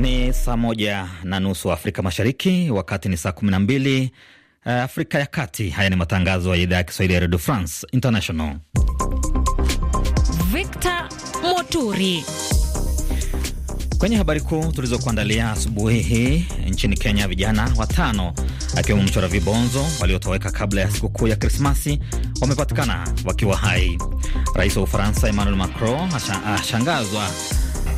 Ni saa moja na nusu Afrika Mashariki, wakati ni saa kumi na mbili eh, Afrika ya Kati. Haya ni matangazo ya idhaa ya Kiswahili ya Redio France International. Victor Moturi kwenye habari kuu tulizokuandalia asubuhi hii, nchini Kenya, vijana watano akiwemo mchora vibonzo waliotoweka kabla ya sikukuu ya Krismasi wamepatikana wakiwa hai. Rais wa Ufaransa Emmanuel Macron ashangazwa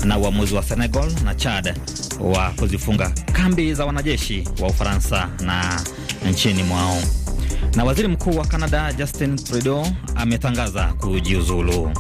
na uamuzi wa Senegal na Chad wa kuzifunga kambi za wanajeshi wa Ufaransa na nchini mwao. Na waziri mkuu wa Canada Justin Trudeau ametangaza kujiuzulu.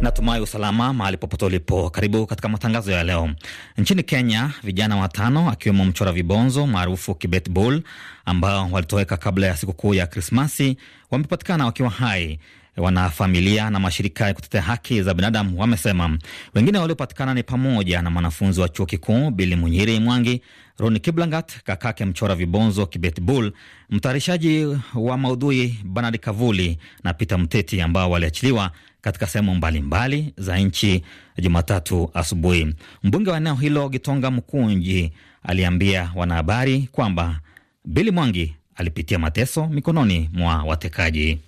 Natumai usalama mahali popote ulipo. Karibu katika matangazo ya leo. Nchini Kenya, vijana watano akiwemo mchora vibonzo maarufu Kibet Bull ambao walitoweka kabla ya sikukuu ya Krismasi wamepatikana wakiwa hai. Wanafamilia na mashirika ya kutetea haki za binadamu wamesema wengine waliopatikana ni pamoja na mwanafunzi wa chuo kikuu Bili Munyiri Mwangi, Roni Kiblangat, kakake mchora vibonzo Kibet Bull, mtayarishaji wa maudhui Banard Kavuli na Peter Mteti, ambao waliachiliwa katika sehemu mbalimbali za nchi Jumatatu asubuhi. Mbunge wa eneo hilo Gitonga Mkunji aliambia wanahabari kwamba Bili Mwangi alipitia mateso mikononi mwa watekaji.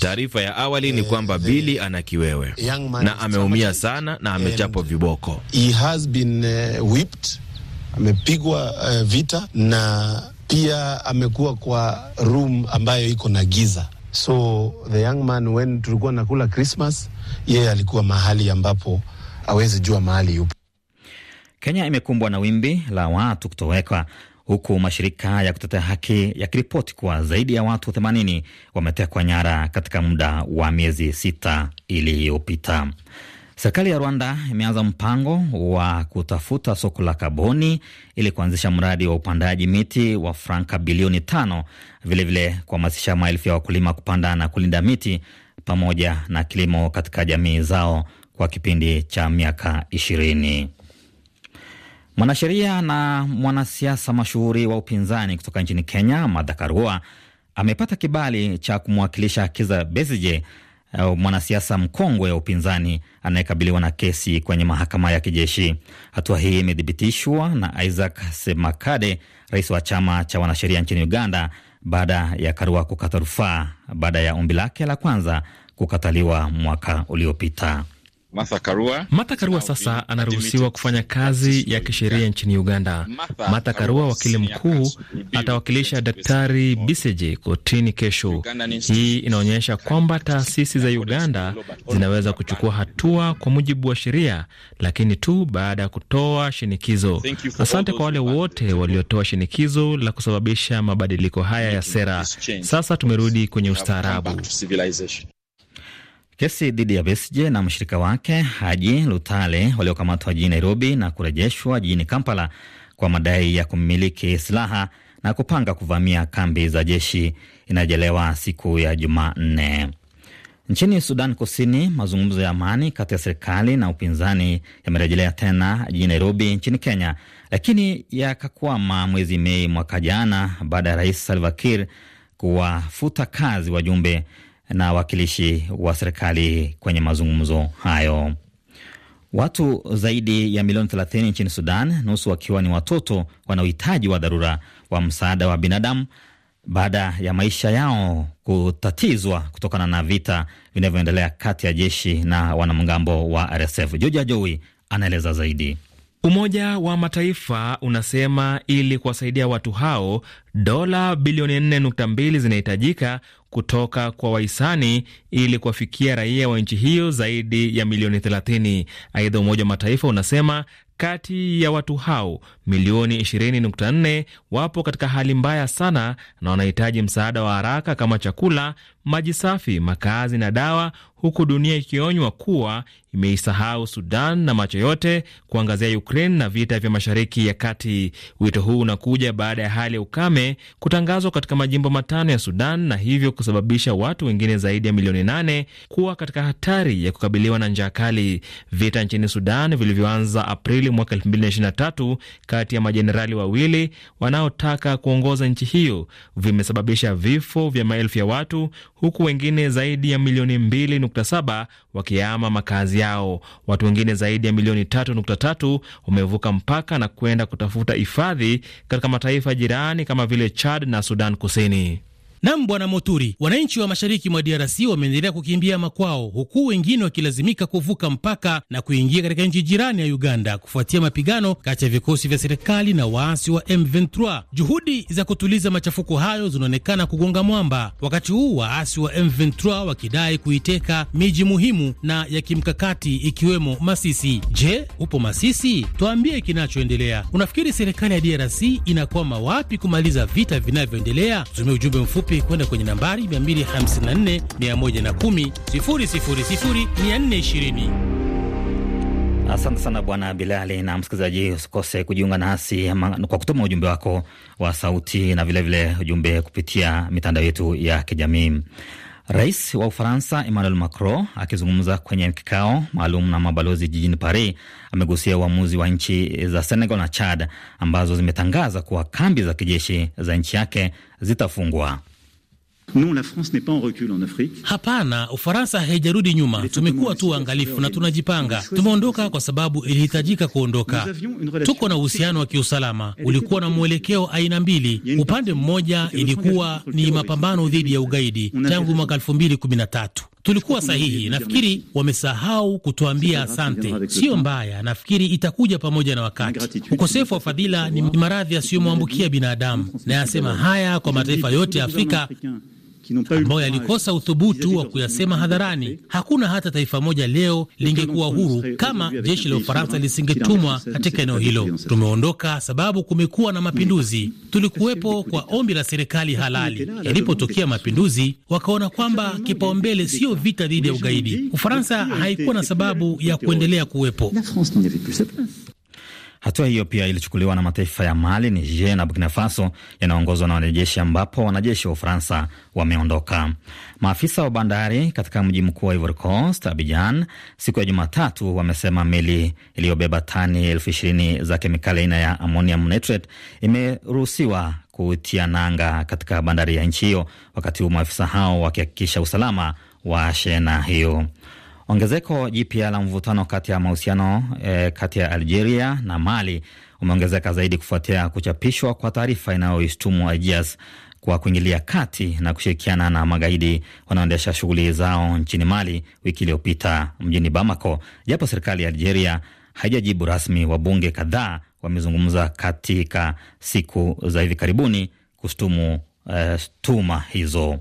Taarifa ya awali ni eh, kwamba Bili ana kiwewe na ameumia sana na amechapwa viboko. He has been, eh, whipped. Amepigwa uh, vita na pia amekuwa kwa room ambayo iko na giza. So the young man when tulikuwa nakula Christmas, yeye alikuwa mahali ambapo awezi jua mahali yupo. Kenya imekumbwa na wimbi la watu kutoweka huku mashirika ya kutetea haki yakiripoti kuwa zaidi ya watu 80 wametekwa nyara katika muda wa miezi sita iliyopita. Serikali ya Rwanda imeanza mpango wa kutafuta soko la kaboni ili kuanzisha mradi wa upandaji miti wa franka bilioni tano, vilevile kuhamasisha maelfu ya wakulima kupanda na kulinda miti pamoja na kilimo katika jamii zao kwa kipindi cha miaka ishirini. Mwanasheria na mwanasiasa mashuhuri wa upinzani kutoka nchini Kenya, Martha Karua amepata kibali cha kumwakilisha Kiza Besije, eh, mwanasiasa mkongwe wa upinzani anayekabiliwa na kesi kwenye mahakama ya kijeshi. Hatua hii imethibitishwa na Isaac Semakade, rais wa chama cha wanasheria nchini Uganda, baada ya Karua kukata rufaa baada ya ombi lake la kwanza kukataliwa mwaka uliopita. Martha Karua. Martha Karua sasa anaruhusiwa kufanya kazi ya kisheria nchini Uganda. Martha Karua, wakili mkuu, atawakilisha Daktari Biseje kotini kesho. Hii inaonyesha kwamba taasisi za Uganda zinaweza kuchukua hatua kwa mujibu wa sheria, lakini tu baada ya kutoa shinikizo. Asante kwa wale wote waliotoa shinikizo la kusababisha mabadiliko haya ya sera. Sasa tumerudi kwenye ustaarabu. Kesi dhidi ya Besigye na mshirika wake Haji Lutale waliokamatwa jijini Nairobi na kurejeshwa jijini Kampala kwa madai ya kumiliki silaha na kupanga kuvamia kambi za jeshi inarejelewa siku ya Jumanne. Nchini Sudan Kusini, mazungumzo ya amani kati ya serikali na upinzani yamerejelea tena jijini Nairobi nchini Kenya, lakini yakakwama mwezi Mei mwaka jana baada ya rais Salva Kiir kuwafuta kazi wajumbe na wakilishi wa serikali kwenye mazungumzo hayo. Watu zaidi ya milioni 30 nchini Sudan, nusu wakiwa ni watoto, wana uhitaji wa dharura wa msaada wa binadamu baada ya maisha yao kutatizwa kutokana na vita vinavyoendelea kati ya jeshi na wanamgambo wa RSF. Joja Jowi anaeleza zaidi. Umoja wa Mataifa unasema ili kuwasaidia watu hao dola bilioni 4.2 zinahitajika kutoka kwa wahisani ili kuwafikia raia wa nchi hiyo zaidi ya milioni 30. Aidha, Umoja wa Mataifa unasema kati ya watu hao milioni 20.4 wapo katika hali mbaya sana na wanahitaji msaada wa haraka kama chakula, maji safi, makazi na dawa, huku dunia ikionywa kuwa imeisahau Sudan na macho yote kuangazia Ukraine na vita vya Mashariki ya Kati. Wito huu unakuja baada ya hali ya ukame kutangazwa katika majimbo matano ya Sudan na hivyo kusababisha watu wengine zaidi ya milioni nane kuwa katika hatari ya kukabiliwa na njaa kali. Vita nchini Sudan vilivyoanza Aprili mwaka 2023 kati ya majenerali wawili wanaotaka kuongoza nchi hiyo vimesababisha vifo vya maelfu ya watu huku wengine zaidi ya milioni 2.7 wakiama makazi yao. Watu wengine zaidi ya milioni 3.3 wamevuka mpaka na kwenda kutafuta hifadhi katika mataifa jirani kama vile Chad na Sudan Kusini. Nam Bwana Moturi, wananchi wa mashariki mwa DRC wameendelea kukimbia makwao, huku wengine wakilazimika kuvuka mpaka na kuingia katika nchi jirani ya Uganda kufuatia mapigano kati ya vikosi vya serikali na waasi wa M23. Juhudi za kutuliza machafuko hayo zinaonekana kugonga mwamba, wakati huu waasi wa M23 wakidai kuiteka miji muhimu na ya kimkakati ikiwemo Masisi. Je, upo Masisi? Tuambie kinachoendelea. Unafikiri serikali ya DRC inakwama wapi kumaliza vita vinavyoendelea? Tumia ujumbe mfupi mfupi kwenda kwenye nambari 254 110 000 420. Asante sana Bwana Bilali na msikilizaji, usikose kujiunga nasi kwa kutuma ujumbe wako wa sauti na vilevile vile ujumbe kupitia mitandao yetu ya kijamii. Rais wa Ufaransa Emmanuel Macron akizungumza kwenye kikao maalum na mabalozi jijini Paris amegusia uamuzi wa nchi za Senegal na Chad ambazo zimetangaza kuwa kambi za kijeshi za nchi yake zitafungwa. Non, la France n'est pas en recul en Afrique. Hapana, Ufaransa haijarudi nyuma. Tumekuwa tu uangalifu na tunajipanga. Tumeondoka kwa sababu ilihitajika kuondoka. Tuko na uhusiano wa kiusalama, ulikuwa na mwelekeo aina mbili. Upande mmoja ilikuwa ni mapambano dhidi ya ugaidi tangu mwaka 2013. Tulikuwa sahihi. Nafikiri wamesahau kutuambia asante. Siyo mbaya, nafikiri itakuja pamoja na wakati. Ukosefu wa fadhila ni maradhi yasiyomwambukia binadamu, na yasema haya kwa mataifa yote ya Afrika ambayo yalikosa uthubutu wa kuyasema hadharani. Hakuna hata taifa moja leo lingekuwa huru kama jeshi la Ufaransa lisingetumwa katika eneo hilo. Tumeondoka sababu kumekuwa na mapinduzi. Tulikuwepo kwa ombi la serikali halali. Yalipotokea mapinduzi, wakaona kwamba kipaumbele siyo vita dhidi ya ugaidi. Ufaransa haikuwa na sababu ya kuendelea kuwepo. Hatua hiyo pia ilichukuliwa na mataifa ya Mali, Niger na Burkina Faso yanayoongozwa na wanajeshi, ambapo wanajeshi wa Ufaransa wameondoka. Maafisa wa bandari katika mji mkuu wa Ivory Coast, Abidjan, siku ya Jumatatu wamesema meli iliyobeba tani elfu ishirini za kemikali aina ya ammonium nitrate imeruhusiwa kutia nanga katika bandari ya nchi hiyo, wakati huu maafisa hao wakihakikisha usalama wa shehena hiyo. Ongezeko jipya la mvutano kati ya mahusiano e, kati ya Algeria na Mali umeongezeka zaidi kufuatia kuchapishwa kwa taarifa inayoishtumu Algiers kwa kuingilia kati na kushirikiana na magaidi wanaoendesha shughuli zao nchini Mali wiki iliyopita mjini Bamako. Japo serikali ya Algeria haijajibu rasmi, wabunge kadhaa wamezungumza katika siku za hivi karibuni kushtumu uh, eh, tuma hizo.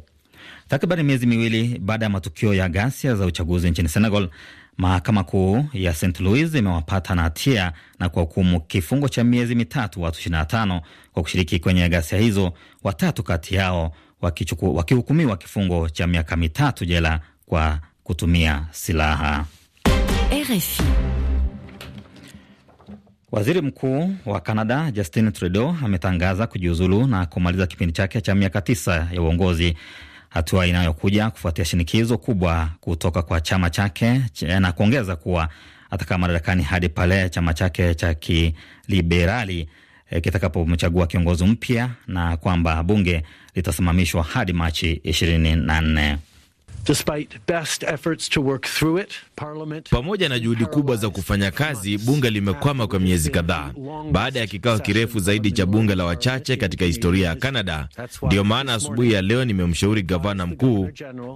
Takriban miezi miwili baada ya matukio ya ghasia za uchaguzi nchini Senegal, mahakama kuu ya St Louis imewapata na hatia na kuwahukumu kifungo cha miezi mitatu watu 25 kwa kushiriki kwenye ghasia hizo, watatu kati yao wakihukumiwa kifungo cha miaka mitatu jela kwa kutumia silaha. RFI. Waziri Mkuu wa Kanada Justin Trudeau ametangaza kujiuzulu na kumaliza kipindi chake cha miaka tisa ya uongozi hatua inayokuja kufuatia shinikizo kubwa kutoka kwa chama chake eh, na kuongeza kuwa atakaa madarakani hadi pale chama chake cha kiliberali e, kitakapomchagua kiongozi mpya na kwamba bunge litasimamishwa hadi Machi ishirini na nne pamoja na juhudi kubwa za kufanya kazi, bunge limekwama kwa miezi kadhaa baada ya kikao kirefu zaidi cha bunge la wachache katika historia ya Kanada. Ndiyo maana asubuhi ya leo nimemshauri gavana mkuu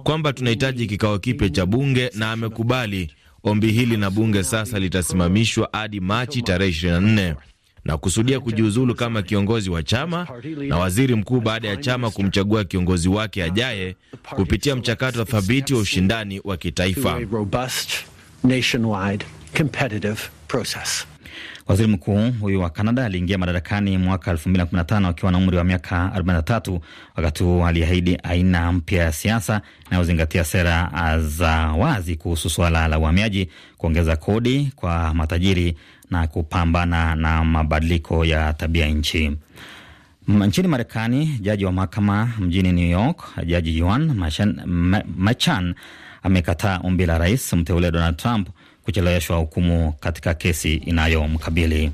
kwamba tunahitaji kikao kipya cha bunge na amekubali ombi hili, na bunge sasa litasimamishwa hadi Machi tarehe 24 na kusudia kujiuzulu kama kiongozi wa chama na waziri mkuu baada ya chama kumchagua kiongozi wake ajaye kupitia mchakato thabiti wa ushindani wa kitaifa. Waziri mkuu huyu wa Kanada aliingia madarakani mwaka 2015 akiwa na umri wa miaka 43, wakati huo aliahidi aina mpya ya siasa inayozingatia sera za wazi kuhusu suala la uhamiaji, kuongeza kodi kwa matajiri na kupambana na mabadiliko ya tabia nchi. Nchini Marekani, jaji wa mahakama mjini New York, Jaji Juan Machan, amekataa ombi la rais mteule Donald Trump kucheleweshwa hukumu katika kesi inayomkabili.